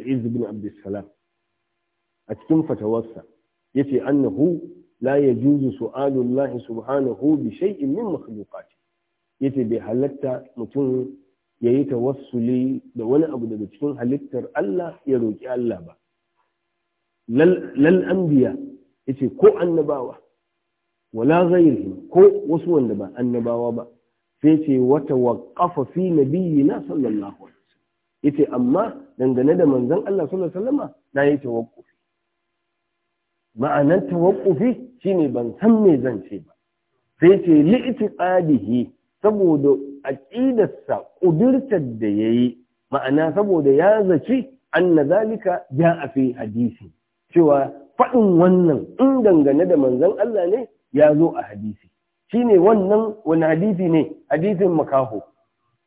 S2: izz ibn abdussalam a cikin fatawarsa yace annahu la yajuzu su'alu Allah subhanahu bi shay'in min makhluqati yace bai halatta mutum yayi tawassuli da wani abu daga cikin halittar Allah ya roki Allah ba lal anbiya yace ko annabawa wala ghayrihim ko wasu wanda ba annabawa ba sai ce wata waƙafa fi na sallallahu alaihi wasallam yace amma dangane da manzon Allah sallallahu alaihi na yi tawakkufi. ma'anar tawaqqufi shine ban san me zan ce ba sai ce li'tiqadihi saboda aqidarsa kudurtar da yayi ma'ana saboda ya zaci anna zalika ja'a fi hadisi cewa faɗin wannan in dangane da manzon Allah ne ya zo a hadisi Shi ne wannan wani hadithi ne Hadithin makaho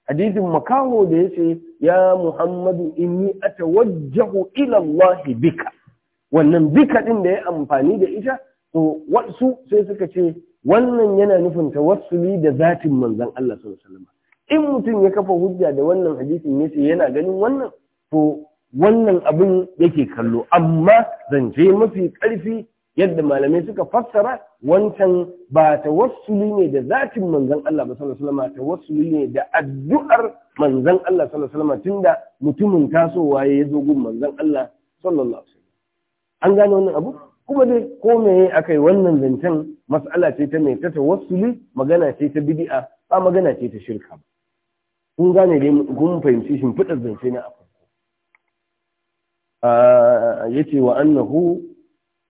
S2: Hadithin makaho da ya ce ya muhammadu inni atawajjahu ila Allah bika wannan bika ɗin da ya amfani da ita to wasu sai suka ce wannan yana nufin tawassuli da zatin manzon Allah sallallahu alaihi in mutum ya kafa hujja da wannan hadisin ce yana ganin wannan to wannan abin yake kallo amma zance mafi ƙarfi yadda malamai suka fassara wancan ba tawassuli ne da zatin manzon Allah ba sallallahu alaihi wasallam tawassuli ne da addu'ar manzon Allah sallallahu alaihi wasallam tunda mutumin tasowa ya zo gun manzon Allah sallallahu alaihi wasallam an gane wannan abu kuma dai ko meye akai wannan zancen mas'ala ce ta mai ta tawassuli magana ce ta bid'a ba magana ce ta shirka ba kun gane dai kun fahimci shin fitar zance ne a farko ah, yace wa annahu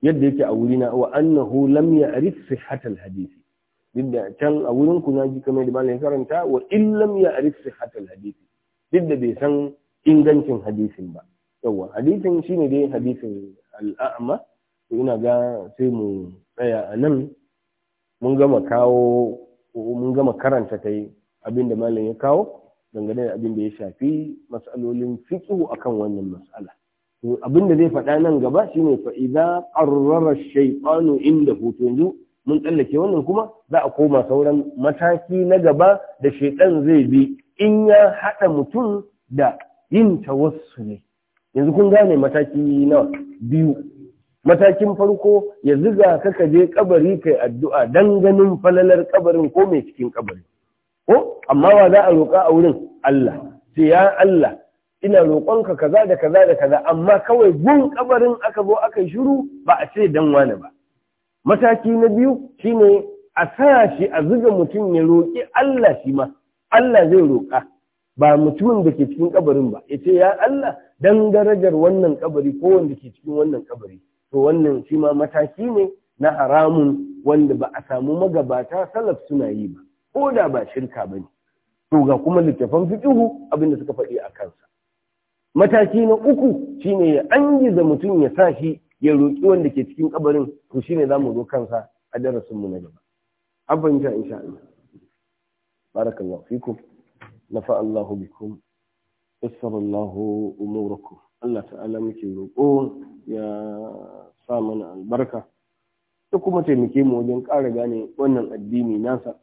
S2: yadda yake a wurina wa annahu lam ya'rif sihhatal hadisi duk da can a wurin ku na ji kamar da malamin karanta wa in lam ya'rif sihhatal hadisi duk bai san ingancin hadisin ba yawa hadisin shine dai hadisin al'a'ma to ina ga sai mu tsaya a nan mun gama kawo mun gama karanta kai abin da malam ya kawo dangane da abin da ya shafi masalolin fiqhu akan wannan mas'ala abin da zai faɗa nan gaba shine fa a qarrara shaytanu inda hoto yanzu mun tsallake wannan kuma za a koma sauran mataki na gaba da shaiɗan zai bi in ya haɗa mutum da yin ne. yanzu kun gane mataki na biyu matakin farko ya ziga kaka ka je kabari kai addu'a dan ganin falalar ƙabarin ko mai cikin ƙabari. ko amma wa za a roƙa a wurin Allah sai ya Allah ina roƙonka kaza da kaza da kaza amma kawai gun kabarin aka zo aka yi shiru ba a ce dan wani ba mataki na biyu shine a sa shi a zuga mutum ya roƙi Allah shi ma Allah zai roƙa ba mutumin da ke cikin kabarin ba ya ce ya Allah dan darajar wannan kabari ko wanda ke cikin wannan kabari to wannan shi ma mataki ne na haramun wanda ba a samu magabata salaf suna yi ba ko da ba shirka ba ne to ga kuma littafan fiqhu abinda suka faɗi a kansa mataki na uku shine ya angiza mutum ya sa shi ya roƙi wanda ke cikin kabarin ne shine mu zo kansa a darasin mu na gaba an na insha Allah barakallahu fikum nafa Allahu bikum yassara Allahu umurakum Allah ta'ala muke roƙo ya sa mana albarka da kuma taimake mu wajen ƙara gane wannan addini nasa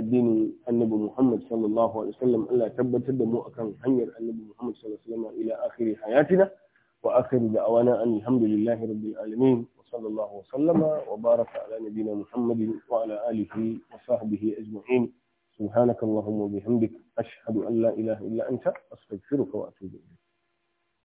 S2: addinin annabi Muhammad sallallahu alaihi wasallam Allah ya tabbatar da mu akan hanyar annabi Muhammad sallallahu alaihi wasallam ila akhiri hayatina wa akhiri da'awana alhamdulillahi rabbil alamin wa sallallahu wa sallama wa baraka ala nabiyyina Muhammadin wa ala alihi wa sahbihi ajma'in subhanakallahumma wa bihamdik ashhadu an la ilaha illa anta astaghfiruka wa atubu ilayk